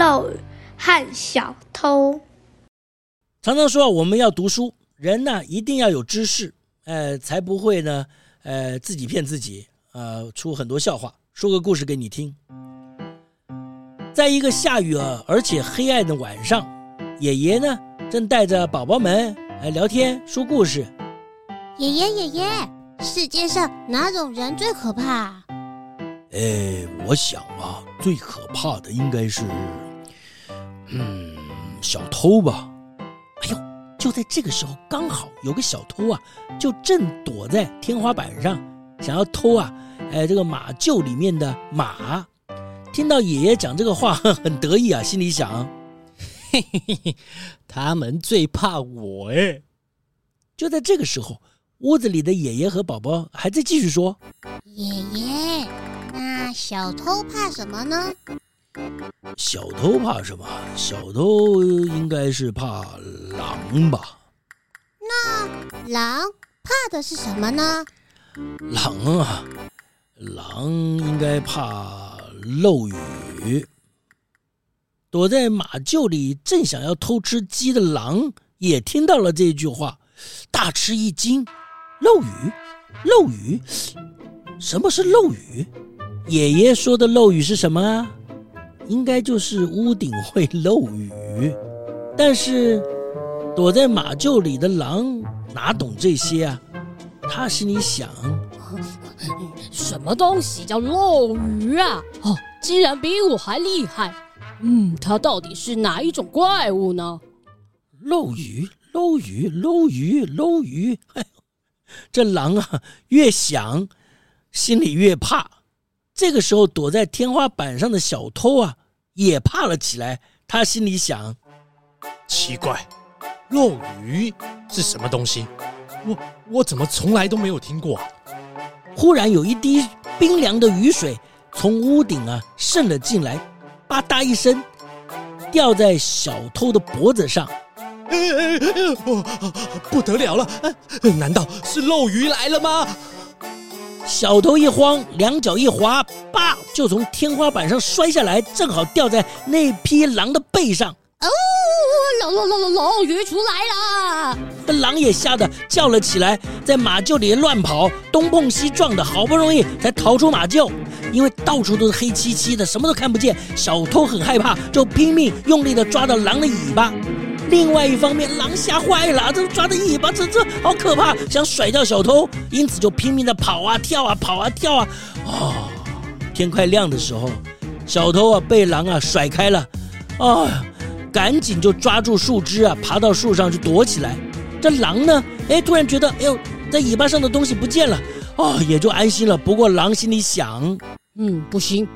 漏雨和小偷，常常說我們要讀書，人呢一定要有知識，呃，才不會呢，呃，自己騙自己，呃，出很多笑話。說個故事給你聽，在一個下雨、啊、而且黑暗的晚上，爺爺呢正帶着寶寶們來聊天說故事。爺爺爺爺，世界上哪種人最可怕？呃、哎，我想啊，最可怕的應該是。嗯，小偷吧。哎呦，就在這個時候，剛好有個小偷啊，就正躲在天花板上，想要偷啊。哎，這個馬廄裡面的馬，聽到爺爺講這個話，很得意啊，心裡想：嘿嘿嘿嘿，他們最怕我哎。就在這個時候，屋子裡的爺爺和寶寶還在繼續說：爺爺，那小偷怕什麼呢？小偷怕什麼？小偷應該是怕狼吧？那狼怕的是什麼呢？狼啊，狼應該怕漏雨。躲在馬廄裡正想要偷吃雞的狼也聽到了這句話，大吃一驚。漏雨？漏雨？什麼是漏雨？爺爺說的漏雨是什麼啊？應該就是屋頂會漏雨，但是躲在馬廄裡的狼哪懂這些啊？他心裡想：什麼東西叫漏雨啊？哦，竟然比我還厲害！嗯，它到底是哪一種怪物呢？漏雨，漏雨，漏雨，漏雨！哎，這狼啊，越想心裡越怕。這個時候，躲在天花板上的小偷啊，也怕了起來。他心裡想：奇怪，漏雨是什麼東西？我我怎麼從來都沒有聽過？忽然有一滴冰涼的雨水從屋頂啊滲了進來，吧嗒一聲，掉在小偷的脖子上，哎哎哎、哦。不得了了，難道是漏雨來了嗎？小偷一慌，兩腳一滑，叭，就從天花板上摔下來，正好掉在那匹狼的背上。哦，狼狼狼狼狼，漁、哦、出來了！那狼也嚇得叫了起來，在馬廄裡亂跑，東碰西撞的，好不容易才逃出馬廄。因為到處都是黑漆漆的，什麼都看不見，小偷很害怕，就拼命用力地抓着狼的尾巴。另外一方面，狼嚇壞了，這抓着尾巴，這這好可怕，想甩掉小偷，因此就拼命的跑啊跳啊跑啊跳啊。哦，天快亮的時候，小偷啊被狼啊甩開了，啊、哦，趕緊就抓住樹枝啊爬到樹上去躲起來。這狼呢，哎，突然覺得，哎呦，這尾巴上的東西不見了，啊、哦，也就安心了。不過狼心裡想，嗯，不行，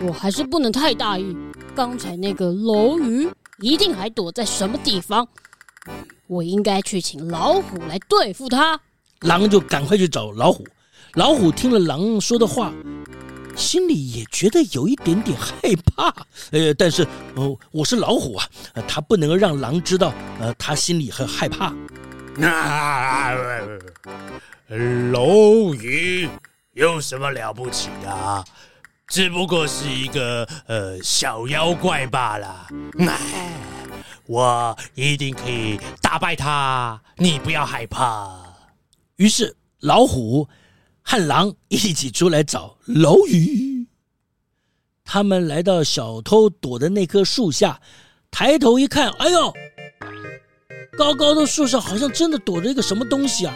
我還是不能太大意，剛才那個漏雨。一定還躲在什麼地方，我應該去請老虎來對付他。狼就趕快去找老虎。老虎聽了狼說的話，心裡也覺得有一點點害怕。呃，但是，呃，我是老虎啊，他、呃、不能讓狼知道，呃，他心裡很害怕。那、啊，漏雨有什麼了不起的、啊？只不過是一個呃小妖怪罷了唉，我一定可以打敗他，你不要害怕。於是老虎和狼一起出來找漏雨，他們來到小偷躲的那棵樹下，抬頭一看，哎呦，高高的樹上好像真的躲着一個什麼東西啊！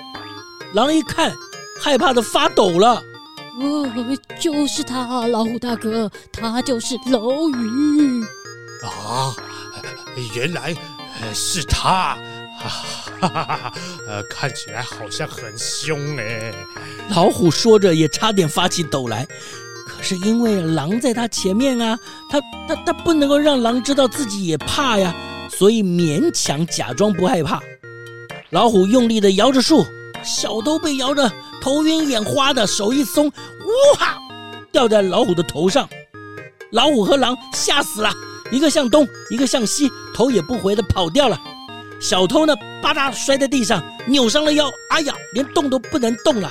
狼一看，害怕的發抖了。哦，就是他，老虎大哥，他就是漏雨啊！原來是他，哈哈哈哈呃，看起來好像很兇哎。老虎說着也差點發起抖來，可是因為狼在他前面啊，他他他不能夠讓狼知道自己也怕呀，所以勉強假裝不害怕。老虎用力的搖着樹，小偷被搖着。頭暈眼花的手一鬆，嗚哈，掉在老虎的頭上。老虎和狼嚇死了，一個向東，一個向西，頭也不回的跑掉了。小偷呢，吧嗒摔在地上，扭傷了腰。哎呀，連動都不能動了。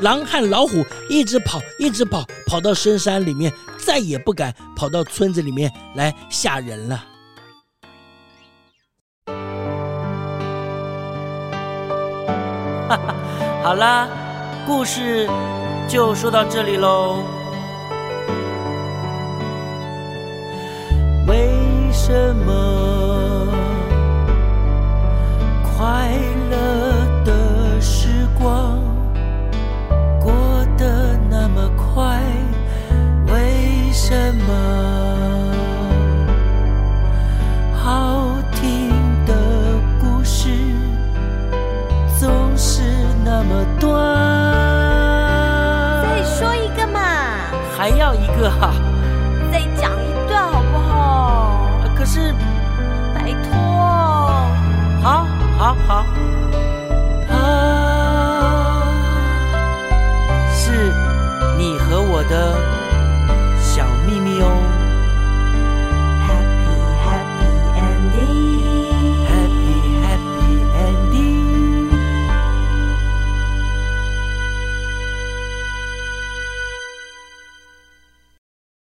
狼和老虎一直跑，一直跑，跑到深山裡面，再也不敢跑到村子裡面來嚇人了。哈哈，好啦。故事就說到這裡嘍。為什麼？還要一個哈啊。